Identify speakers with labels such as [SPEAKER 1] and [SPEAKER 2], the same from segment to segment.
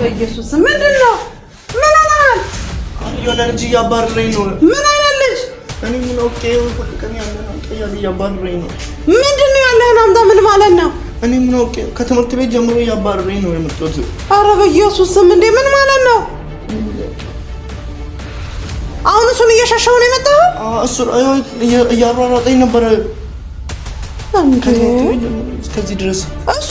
[SPEAKER 1] በኢየሱስ ምንድን ነው? ምን አላል?
[SPEAKER 2] የሆነ ልጅ እያባረረኝ ነው።
[SPEAKER 1] ምን አይነት ልጅ?
[SPEAKER 2] እኔ ምን አውቄ ቀን ያለውን እያባረረኝ ነው።
[SPEAKER 1] ምንድን ነው ያለውን አምጣ? ምን ማለት ነው?
[SPEAKER 2] እኔ ምን አውቄ ከትምህርት ቤት ጀምሮ እያባረረኝ ነው የመጣሁት።
[SPEAKER 1] ኧረ በኢየሱስም እንዴ! ምን ማለት ነው? አሁን እሱን እየሸሸው ነው የመጣው።
[SPEAKER 2] እሱ እያሯሯጠኝ ነበረ ከዚህ ድረስ እሱ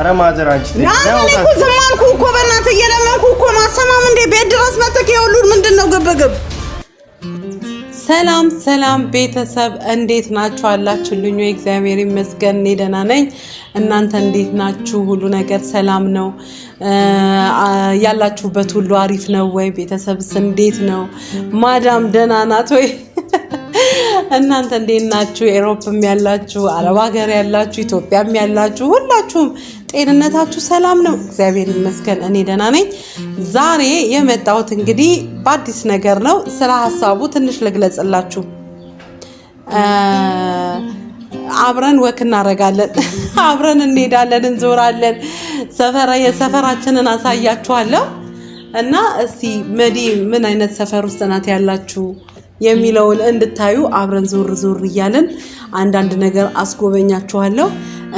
[SPEAKER 2] ኧረ ማዘር አንቺ
[SPEAKER 1] ዝም አልኩ እኮ በእናትህ እየለመንኩ እኮ ማሰማም እንደ ቤት ድረስ መተክ የሁሉን ምንድን ነው ግብግብ። ሰላም ሰላም ቤተሰብ እንዴት ናችሁ? አላችሁልኝ? እግዚአብሔር ይመስገን እኔ ደህና ነኝ። እናንተ እንዴት ናችሁ? ሁሉ ነገር ሰላም ነው? ያላችሁበት ሁሉ አሪፍ ነው ወይ? ቤተሰብስ እንዴት ነው? ማዳም ደህና ናት ወይ? እናንተ እንዴት ናችሁ? ኤሮፕም ያላችሁ፣ አረብ ሀገር ያላችሁ፣ ኢትዮጵያም ያላችሁ ሁላችሁም ጤንነታችሁ ሰላም ነው? እግዚአብሔር ይመስገን እኔ ደህና ነኝ። ዛሬ የመጣሁት እንግዲህ በአዲስ ነገር ነው። ስለ ሀሳቡ ትንሽ ልግለጽላችሁ። አብረን ወክ እናደርጋለን፣ አብረን እንሄዳለን፣ እንዞራለን፣ የሰፈራችንን አሳያችኋለሁ እና እስቲ መዲ ምን አይነት ሰፈር ውስጥ ናት ያላችሁ የሚለውን እንድታዩ አብረን ዞር ዞር እያለን አንዳንድ ነገር አስጎበኛችኋለሁ።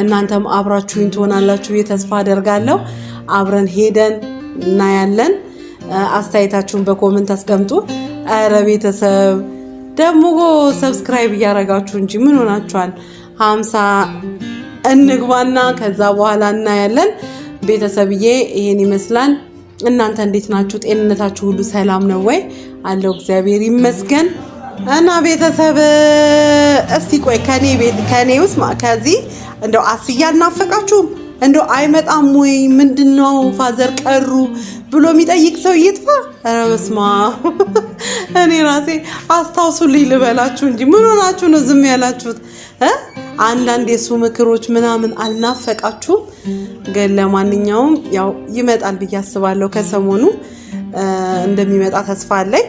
[SPEAKER 1] እናንተም አብራችሁኝ ትሆናላችሁ የተስፋ ተስፋ አደርጋለሁ። አብረን ሄደን እናያለን። አስተያየታችሁን በኮመንት አስቀምጡ። ኧረ ቤተሰብ ደግሞ ሰብስክራይብ እያደረጋችሁ እንጂ ምን ሆናችኋል? ሀምሳ እንግባና ከዛ በኋላ እናያለን። ቤተሰብዬ ይሄን ይመስላል። እናንተ እንዴት ናችሁ? ጤንነታችሁ ሁሉ ሰላም ነው ወይ? አለው እግዚአብሔር ይመስገን። እና ቤተሰብ እስቲ ቆይ ከኔ ቤት ከኔ ውስጥ ከዚህ እንደው አስያ አልናፈቃችሁም? እንደው አይመጣም ወይ ምንድን ነው ፋዘር ቀሩ ብሎ የሚጠይቅ ሰው ይጥፋ። ኧረ በስመ አብ እኔ ራሴ አስታውሱልኝ ልበላችሁ እንጂ ምን ሆናችሁ ነው ዝም ያላችሁት? አንዳንድ የሱ ምክሮች ምናምን አልናፈቃችሁም? ግን ለማንኛውም ያው ይመጣል ብዬ አስባለሁ ከሰሞኑ እንደሚመጣ ተስፋ አለኝ።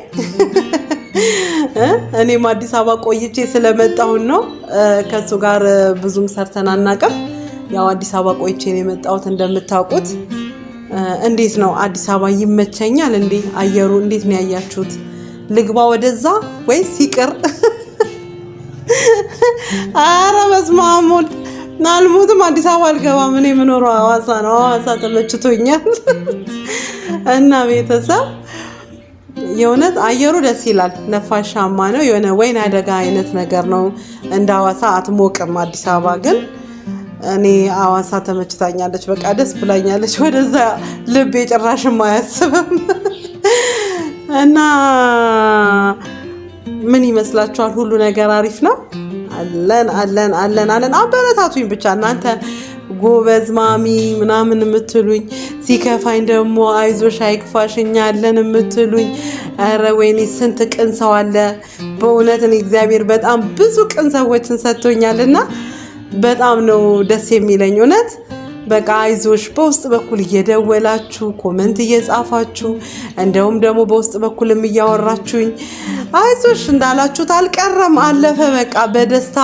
[SPEAKER 1] እኔም አዲስ አበባ ቆይቼ ስለመጣሁን ነው። ከእሱ ጋር ብዙም ሰርተን አናውቅም። ያው አዲስ አበባ ቆይቼ ነው የመጣሁት እንደምታውቁት። እንዴት ነው አዲስ አበባ ይመቸኛል እንዴ? አየሩ እንዴት ነው ያያችሁት? ልግባ ወደዛ ወይስ ይቅር? አረ በስመ አብ ወልድ አልሞትም። አዲስ አበባ አልገባም። እኔ የምኖረው ሐዋሳ ነው። ሐዋሳ ተመችቶኛል። እና ቤተሰብ የእውነት አየሩ ደስ ይላል። ነፋሻማ ነው። የሆነ ወይን አደጋ አይነት ነገር ነው። እንደ ሐዋሳ አትሞቅም። አዲስ አበባ ግን እኔ ሐዋሳ ተመችታኛለች። በቃ ደስ ብላኛለች። ወደዛ ልቤ ጭራሽም አያስብም። እና ምን ይመስላችኋል? ሁሉ ነገር አሪፍ ነው። አለን አለን አለን አለን። አበረታቱኝ ብቻ እናንተ ጎበዝ ማሚ ምናምን የምትሉኝ ሲከፋኝ ደግሞ አይዞሽ አይክፋሽ እኛ አለን የምትሉኝ፣ ኧረ ወይኔ ስንት ቅን ሰው አለ በእውነት እግዚአብሔር በጣም ብዙ ቅን ሰዎችን ሰጥቶኛልና በጣም ነው ደስ የሚለኝ እውነት በቃ አይዞሽ በውስጥ በኩል እየደወላችሁ ኮመንት እየጻፋችሁ እንደውም ደግሞ በውስጥ በኩልም እያወራችሁኝ አይዞሽ እንዳላችሁት አልቀረም። አለፈ በቃ በደስታ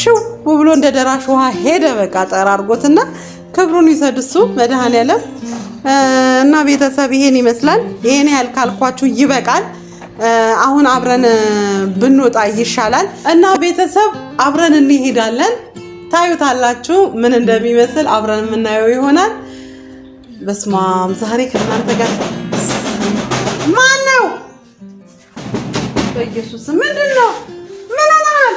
[SPEAKER 1] ሽው ብሎ እንደ ደራሽ ውሃ ሄደ። በቃ ጠራርጎትና ክብሩን ይሰድ እሱ መድኃኔዓለም። እና ቤተሰብ ይሄን ይመስላል። ይሄን ያህል ካልኳችሁ ይበቃል። አሁን አብረን ብንወጣ ይሻላል። እና ቤተሰብ አብረን እንሄዳለን። ታዩታላችሁ ምን እንደሚመስል አብረን የምናየው ይሆናል። በስማም ዛሬ ከእናንተ ጋር ማን ነው? በኢየሱስ ምንድን ነው? ምን አላል?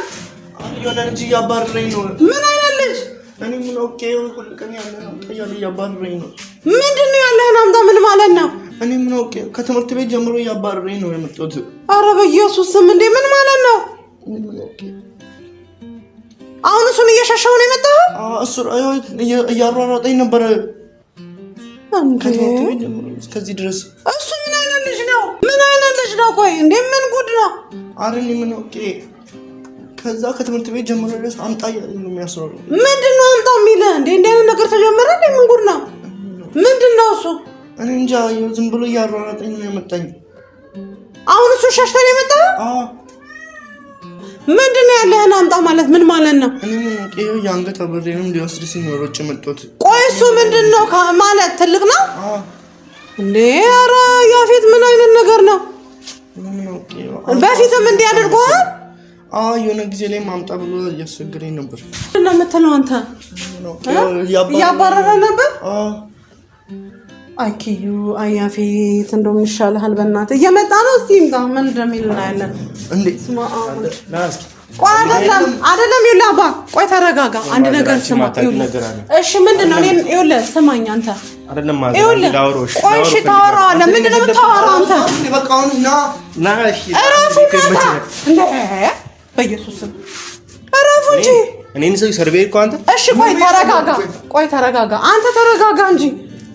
[SPEAKER 2] የሆነ ልጅ እያባረረኝ ነው።
[SPEAKER 1] ምን አይነት ልጅ?
[SPEAKER 2] እኔ ምን ኦኬ ቀን ያለ ነው እያለ እያባረረኝ ነው።
[SPEAKER 1] ምንድን ነው ያለህን አምጣ። ምን ማለት ነው?
[SPEAKER 2] እኔ ምን ኦኬ ከትምህርት ቤት ጀምሮ እያባረረኝ ነው የመጣሁት።
[SPEAKER 1] አረ በኢየሱስ ስም እንዴ! ምን ማለት ነው? እኔ ምን አሁን እሱን እየሸሸው ነው የመጣው።
[SPEAKER 2] እሱ እያሯሯጠኝ ነበረ እስከዚህ ድረስ።
[SPEAKER 1] እሱ ምን አይነት ልጅ ነው? ምን አይነት ልጅ ነው? ቆይ እንዴ ምን ጉድ ነው?
[SPEAKER 2] አረን ምን ኦኬ። ከዛ ከትምህርት ቤት ጀምሮ ድረስ አምጣ ነው የሚያስሯሩ።
[SPEAKER 1] ምንድን ነው አምጣ የሚለ እንዴ? እንዲ አይነት ነገር ተጀመረ እንዴ? ምን ጉድ ነው? ምንድን ነው እሱ?
[SPEAKER 2] እኔ እንጃ። ዝም ብሎ እያሯሯጠኝ ነው የመጣኝ።
[SPEAKER 1] አሁን እሱ ሸሽተን የመጣ ምንድን ነው ያለህን አምጣ ማለት ምን ማለት ነው?
[SPEAKER 2] የአንገት ብሬንም ሊወስድ ሲኖር ውጭ መጦት።
[SPEAKER 1] ቆይ እሱ ምንድን ነው ማለት ትልቅ ነው እንዴ? ኧረ ያፌት ምን አይነት ነገር ነው? በፊትም እንዲህ አድርጎሃል?
[SPEAKER 2] የሆነ ጊዜ ላይ ማምጣ ብሎ እያስቸገረኝ ነበር።
[SPEAKER 1] ምንድን ነው የምትለው አንተ? እያባረረ ነበር አይኪዩ አያፌት እንደው ምን ይሻልሃል? በእናትህ እየመጣ ነው። እስቲ ምን እንደሚል እናያለን። አይደለም ይኸውልህ አባ፣ ቆይ ተረጋጋ። አንድ ነገር እሺ ምንድን ነው? ይኸውልህ፣ ስማኝ አንተ
[SPEAKER 2] አንተ? እንጂ ሰው
[SPEAKER 1] ቆይ ተረጋጋ፣ ቆይ ተረጋጋ አንተ፣ ተረጋጋ እንጂ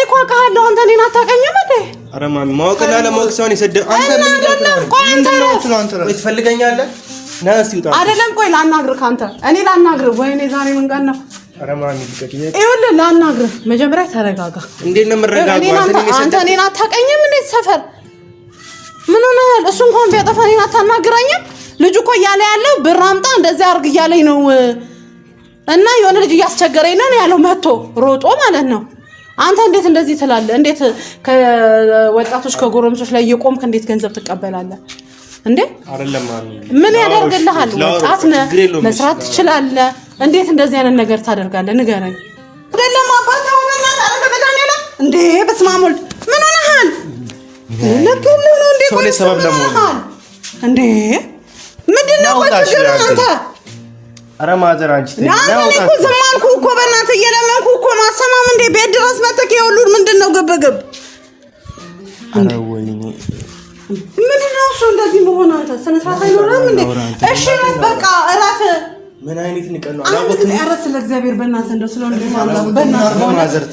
[SPEAKER 1] እኔ እኮ አውቃለሁ። አንተ እኔን አታውቀኝም
[SPEAKER 2] ኧረ ማሚ ማወቅና ለማወቅ ሰውን የሰደብ አንተ ትፈልገኛለህ?
[SPEAKER 1] አይደለም ቆይ ላናግርህ፣ ከአንተ እኔ ላናግርህ። ወይኔ ዛሬ ምን ቀን ነው? ይኸውልህ ላናግርህ፣ መጀመሪያ ተረጋጋ።
[SPEAKER 2] እንዴት ነው የምረጋጋው?
[SPEAKER 1] አንተ እኔን አታውቀኝም እንዴት? ሰፈር ምን ሆነሃል? እሱ እንኳን ቢያጠፋ እኔን አታናግረኝም? ልጁ እኮ እያለ ያለው ብር አምጣ እንደዚያ አድርግ እያለኝ ነው እና የሆነ ልጅ እያስቸገረኝ ነው ያለው መቶ ሮጦ ማለት ነው አንተ እንዴት እንደዚህ ትላለህ? እንዴት ከወጣቶች ከጎረምሶች ላይ እየቆምክ እንዴት ገንዘብ ትቀበላለህ? እንዴ ምን ያደርግልሃል? ወጣት ነህ፣ መስራት ትችላለህ። እንዴት እንደዚህ አይነት ነገር ታደርጋለህ? ንገረኝ። እንዴ በስመ አብ ወልድ፣ ምን ሆነሃል? ለከለ ነው እንዴ? ሰበብ ለመሆን እንዴ ምንድን ነው አንተ
[SPEAKER 2] ኧረ ማዘር አንቺ
[SPEAKER 1] ዝም አልኩ እኮ በእናትህ እየለመንኩ እኮ ነው። አሰማም እንዴ ቤት ድረስ መተክ የሁሉን ምንድን ነው ግብግብ? ኧረ ወይኔ ምንድን ነው እሱ እንደዚህ መሆን? አንተ ስነ ስርዓት አይኖርም እንዴ? እሺ በቃ እረፍ። ምን አይነት ንቀት ነው? አላወቅም። ኧረ ስለ እግዚአብሔር በእናትህ እንደው ስለሆነ በእናትህ በእናትህ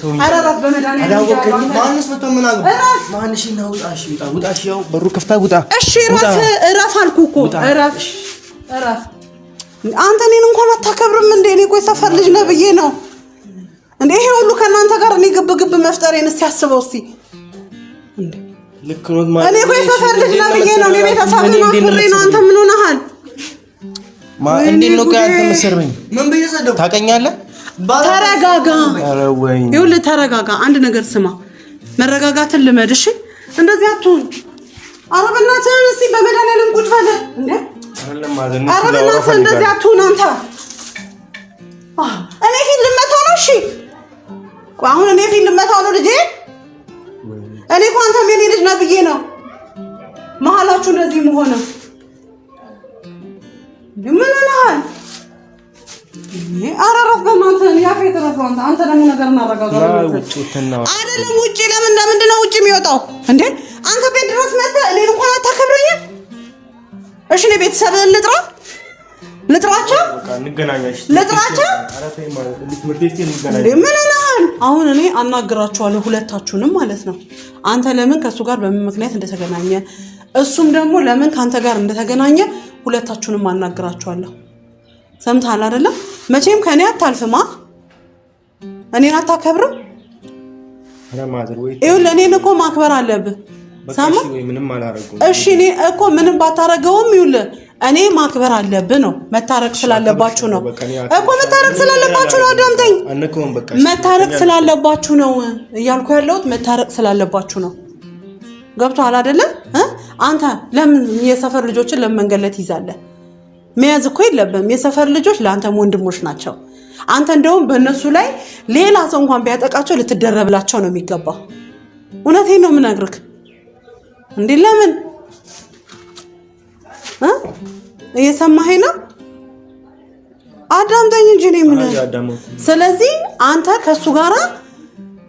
[SPEAKER 1] አንተ እኔን እንኳን አታከብርም እንዴ? እኔ ቆይ ሰፈር ልጅ ነህ ብዬ ነው እንዴ? ይሄ ሁሉ ከእናንተ ጋር እኔ ግብ ግብ መፍጠሬን እስቲ አስበው ማለት እኔ ቆይ ሰፈር ልጅ ነህ ብዬ ነው እኔ ቤተሰብን አክብሬ ነው። አንተ ምን ሆነሃል?
[SPEAKER 2] እንዴት ነው ከአንተ መሰርበኝ? ምን ብዬ ሰደው ታውቀኛለህ?
[SPEAKER 1] ተረጋጋ። ይኸውልህ ተረጋጋ። አንድ ነገር ስማ፣ መረጋጋትን ልመድ እሺ። እንደዚህ አትሁን። ኧረ በእናትህ እስቲ በመድኃኒዓለም ቁጭ በለ እንዴ ኧረ በእናትህ እንደዚህ አትሁን አንተ። እኔ ፊት ልመታው ነው? እሺ አሁን እኔ ፊት ልመታው ነው? ልጄ እኔ እኮ አንተም የኔ ልጅ ነህ ብዬ ነው መሀላችሁ እንደዚህ መሆነ ምን ሆነሃል? ኧረ ያፌት እረፍ። አንተ ደግሞ ነገር እናረጋጋ አይደለም። ውጭ ለምን ለምንድን ነው ውጭ የሚወጣው እንዴ? አንተ ቤት ድረስ መተህ እሺ እኔ ቤተሰብ ልጥራ ልጥራቸው አሁን እኔ አናግራችኋለሁ ሁለታችሁንም ማለት ነው። አንተ ለምን ከእሱ ጋር በምን ምክንያት እንደተገናኘ እሱም ደግሞ ለምን ከአንተ ጋር እንደተገናኘ ሁለታችሁንም አናግራቸዋለሁ ሰምተሃል አይደለም? መቼም ከእኔ አታልፍማ። እኔን አታከብርም። ይኸውልህ እኔን እኮ ማክበር አለብህ። እሺ እኔ እኮ ምንም ባታረገውም ይውል እኔ ማክበር አለብህ ነው። መታረቅ ስላለባችሁ ነው እኮ መታረቅ ስላለባችሁ ነው። አዳምጠኝ። መታረቅ ስላለባችሁ ነው እያልኩ ያለሁት መታረቅ ስላለባችሁ ነው። ገብቶሃል አይደለ? አንተ ለምን የሰፈር ልጆችን ለምን መንገድ ላይ ትይዛለህ? መያዝ እኮ የለብህም። የሰፈር ልጆች ለአንተም ወንድሞች ናቸው። አንተ እንደውም በእነሱ ላይ ሌላ ሰው እንኳን ቢያጠቃቸው ልትደረብላቸው ነው የሚገባው። እውነቴን ነው የምነግርህ እንዴ? ለምን እየሰማኸኝ ነው? አዳምጠኝ እንጂ ነው የምልህ። ስለዚህ አንተ ከእሱ ጋራ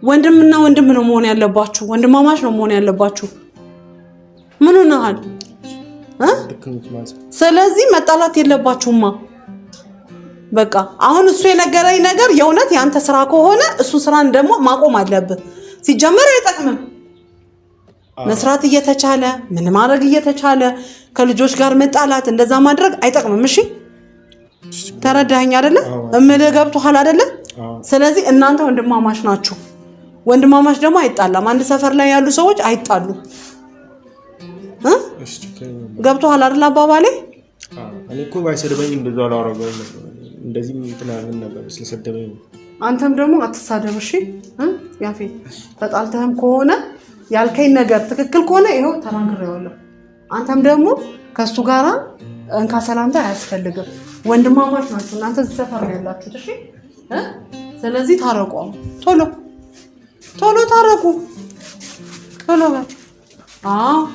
[SPEAKER 1] ወንድምና ወንድም ነው መሆን ያለባችሁ፣ ወንድማማች ነው መሆን ያለባችሁ። ምን ሆነሃል? ስለዚህ መጣላት የለባችሁማ። በቃ አሁን እሱ የነገረኝ ነገር የእውነት የአንተ ስራ ከሆነ እሱ ስራን ደግሞ ማቆም አለብህ። ሲጀመር አይጠቅምም። መስራት እየተቻለ ምን ማድረግ እየተቻለ ከልጆች ጋር መጣላት እንደዛ ማድረግ አይጠቅምም። እሺ ተረዳኸኝ አይደለ? እምልህ ገብቶሃል አደለ? ስለዚህ እናንተ ወንድማማች ናችሁ። ወንድማማች ደግሞ አይጣላም። አንድ ሰፈር ላይ ያሉ ሰዎች አይጣሉ። ገብቶሃል አደለ አባባሌ
[SPEAKER 2] እኔ እኮ ባይሰድበኝ እንደዛ ላረገው እንደዚህ ምትናምን ነበር ስለሰደበኝ።
[SPEAKER 1] አንተም ደግሞ አትሳደብ እሺ። ያፌ ተጣልተህም ከሆነ ያልከኝ ነገር ትክክል ከሆነ ይኸው ተናግሬዋለሁ። አንተም ደግሞ ከእሱ ጋራ እንካ ሰላምታ አያስፈልግም። ወንድማማች ናችሁ እናንተ እዚህ ሰፈር ነው ያላችሁት። እሺ፣ ስለዚህ ታረቁ። ቶሎ ቶሎ ታረቁ። ቶሎ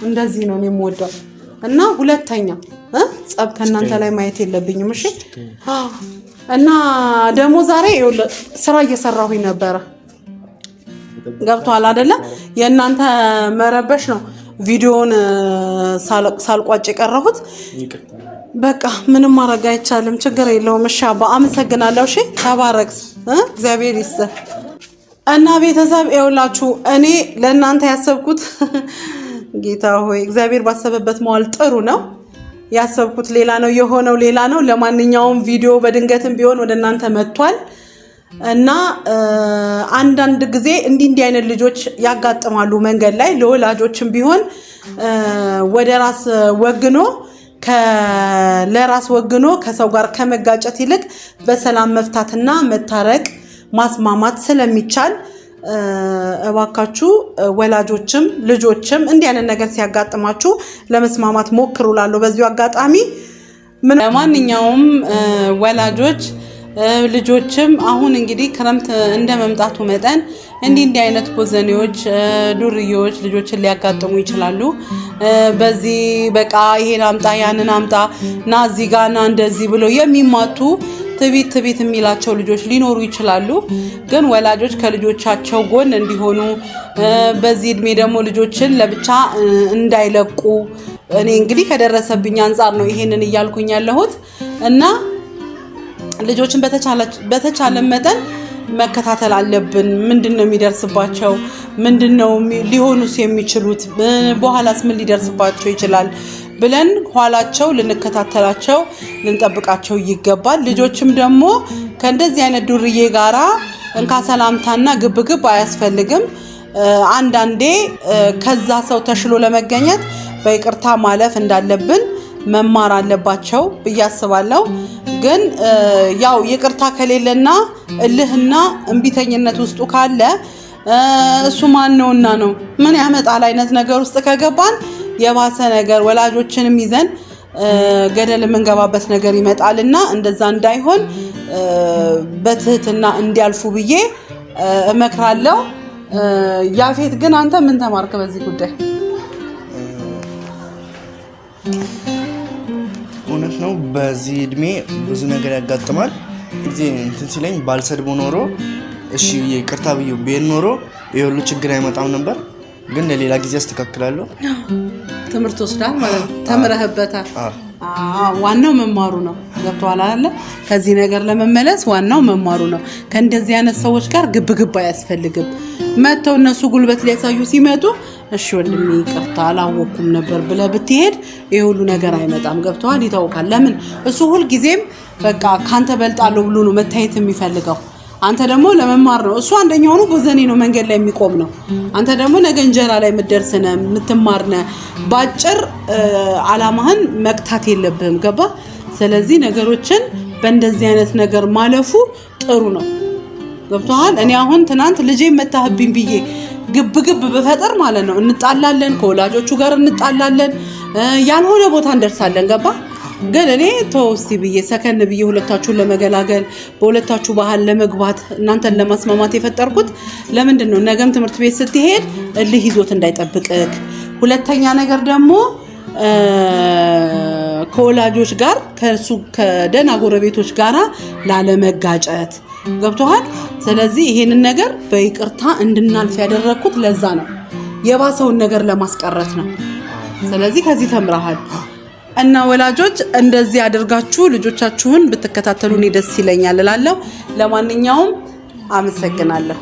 [SPEAKER 1] እንደዚህ ነው የምወደው እና ሁለተኛ ጸብ ከእናንተ ላይ ማየት የለብኝም። እሺ። እና ደግሞ ዛሬ ስራ እየሰራሁኝ ነበረ ገብቷል አደለ? የእናንተ መረበሽ ነው ቪዲዮውን ሳልቋጭ የቀረሁት። በቃ ምንም ማድረግ አይቻልም። ችግር የለውም። እሺ አባ አመሰግናለሁ። እሺ ተባረክ፣ እግዚአብሔር ይስጥ እና ቤተሰብ ይኸውላችሁ፣ እኔ ለእናንተ ያሰብኩት ጌታ ሆይ እግዚአብሔር ባሰበበት መዋል ጥሩ ነው። ያሰብኩት ሌላ ነው፣ የሆነው ሌላ ነው። ለማንኛውም ቪዲዮ በድንገትም ቢሆን ወደ እናንተ መጥቷል። እና አንዳንድ ጊዜ እንዲህ እንዲህ አይነት ልጆች ያጋጥማሉ መንገድ ላይ ለወላጆችም ቢሆን ወደ ራስ ወግኖ ለራስ ወግኖ ከሰው ጋር ከመጋጨት ይልቅ በሰላም መፍታትና መታረቅ ማስማማት ስለሚቻል እባካችሁ ወላጆችም ልጆችም እንዲህ አይነት ነገር ሲያጋጥማችሁ ለመስማማት ሞክሩ። ላለሁ በዚሁ አጋጣሚ ለማንኛውም ወላጆች ልጆችም አሁን እንግዲህ ክረምት እንደ መምጣቱ መጠን እንዲህ እንዲህ አይነት ቦዘኔዎች፣ ዱርዬዎች ልጆችን ሊያጋጥሙ ይችላሉ። በዚህ በቃ ይሄን አምጣ ያንን አምጣ ና እዚህ ጋ ና እንደዚህ ብሎ የሚማቱ ትቢት ትቢት የሚላቸው ልጆች ሊኖሩ ይችላሉ። ግን ወላጆች ከልጆቻቸው ጎን እንዲሆኑ በዚህ እድሜ ደግሞ ልጆችን ለብቻ እንዳይለቁ እኔ እንግዲህ ከደረሰብኝ አንጻር ነው ይሄንን እያልኩኝ ያለሁት እና ልጆችን በተቻለ መጠን መከታተል አለብን። ምንድን ነው የሚደርስባቸው? ምንድን ነው ሊሆኑስ የሚችሉት? በኋላስ ምን ሊደርስባቸው ይችላል ብለን ኋላቸው ልንከታተላቸው፣ ልንጠብቃቸው ይገባል። ልጆችም ደግሞ ከእንደዚህ አይነት ዱርዬ ጋራ እንካ ሰላምታና ግብግብ አያስፈልግም። አንዳንዴ ከዛ ሰው ተሽሎ ለመገኘት በይቅርታ ማለፍ እንዳለብን መማር አለባቸው ብዬ አስባለሁ። ግን ያው ይቅርታ ከሌለና እልህና እምቢተኝነት ውስጡ ካለ እሱ ማን ነውና ነው ምን ያመጣል አይነት ነገር ውስጥ ከገባን የባሰ ነገር ወላጆችንም ይዘን ገደል የምንገባበት ነገር ይመጣል እና እንደዛ እንዳይሆን በትህትና እንዲያልፉ ብዬ እመክራለሁ። ያፌት ግን አንተ ምን ተማርክ በዚህ ጉዳይ?
[SPEAKER 2] እውነት ነው። በዚህ እድሜ ብዙ ነገር ያጋጥማል። ጊዜ እንትን ሲለኝ ባልሰድቦ ኖሮ እሺ ይቅርታ ብዩ ቤን ኖሮ የሁሉ ችግር አይመጣም ነበር። ግን ለሌላ ጊዜ አስተካክላለሁ።
[SPEAKER 1] ትምህርት ወስዳል ማለት ነው። ተምረህበታል። ዋናው መማሩ ነው። ገብቶሃል አለ ከዚህ ነገር ለመመለስ ዋናው መማሩ ነው። ከእንደዚህ አይነት ሰዎች ጋር ግብግብ አያስፈልግም። መጥተው እነሱ ጉልበት ሊያሳዩ ሲመጡ እሺ ወንድሜ ይቅርታ አላወቅኩም ነበር ብለህ ብትሄድ ይህ ሁሉ ነገር አይመጣም። ገብተዋል፣ ይታወቃል። ለምን እሱ ሁልጊዜም በቃ ካንተ በልጣለሁ ብሎ ነው መታየት የሚፈልገው። አንተ ደግሞ ለመማር ነው። እሱ አንደኛ ሆኖ ጎዘኔ ነው፣ መንገድ ላይ የሚቆም ነው። አንተ ደግሞ ነገ እንጀራ ላይ የምትደርስነ የምትማርነ፣ ባጭር አላማህን መቅታት የለብህም። ገባ? ስለዚህ ነገሮችን በእንደዚህ አይነት ነገር ማለፉ ጥሩ ነው። ገብቶሃል። እኔ አሁን ትናንት ልጄ መታህብኝ ብዬ ግብ ግብ ብፈጥር ማለት ነው እንጣላለን፣ ከወላጆቹ ጋር እንጣላለን፣ ያልሆነ ቦታ እንደርሳለን። ገባ ግን እኔ ተው ብዬ ሰከን ብዬ ሁለታችሁን ለመገላገል በሁለታችሁ ባህል ለመግባት እናንተን ለማስማማት የፈጠርኩት ለምንድን ነው ነገም ትምህርት ቤት ስትሄድ እልህ ይዞት እንዳይጠብቅክ። ሁለተኛ ነገር ደግሞ ከወላጆች ጋር ከእርሱ ከደህና ጎረቤቶች ጋር ላለመጋጨት ገብቶሃል። ስለዚህ ይሄንን ነገር በይቅርታ እንድናልፍ ያደረግኩት ለዛ ነው፣ የባሰውን ነገር ለማስቀረት ነው። ስለዚህ ከዚህ ተምረሃል እና ወላጆች እንደዚህ አድርጋችሁ ልጆቻችሁን ብትከታተሉ እኔ ደስ ይለኛል እላለሁ። ለማንኛውም አመሰግናለሁ።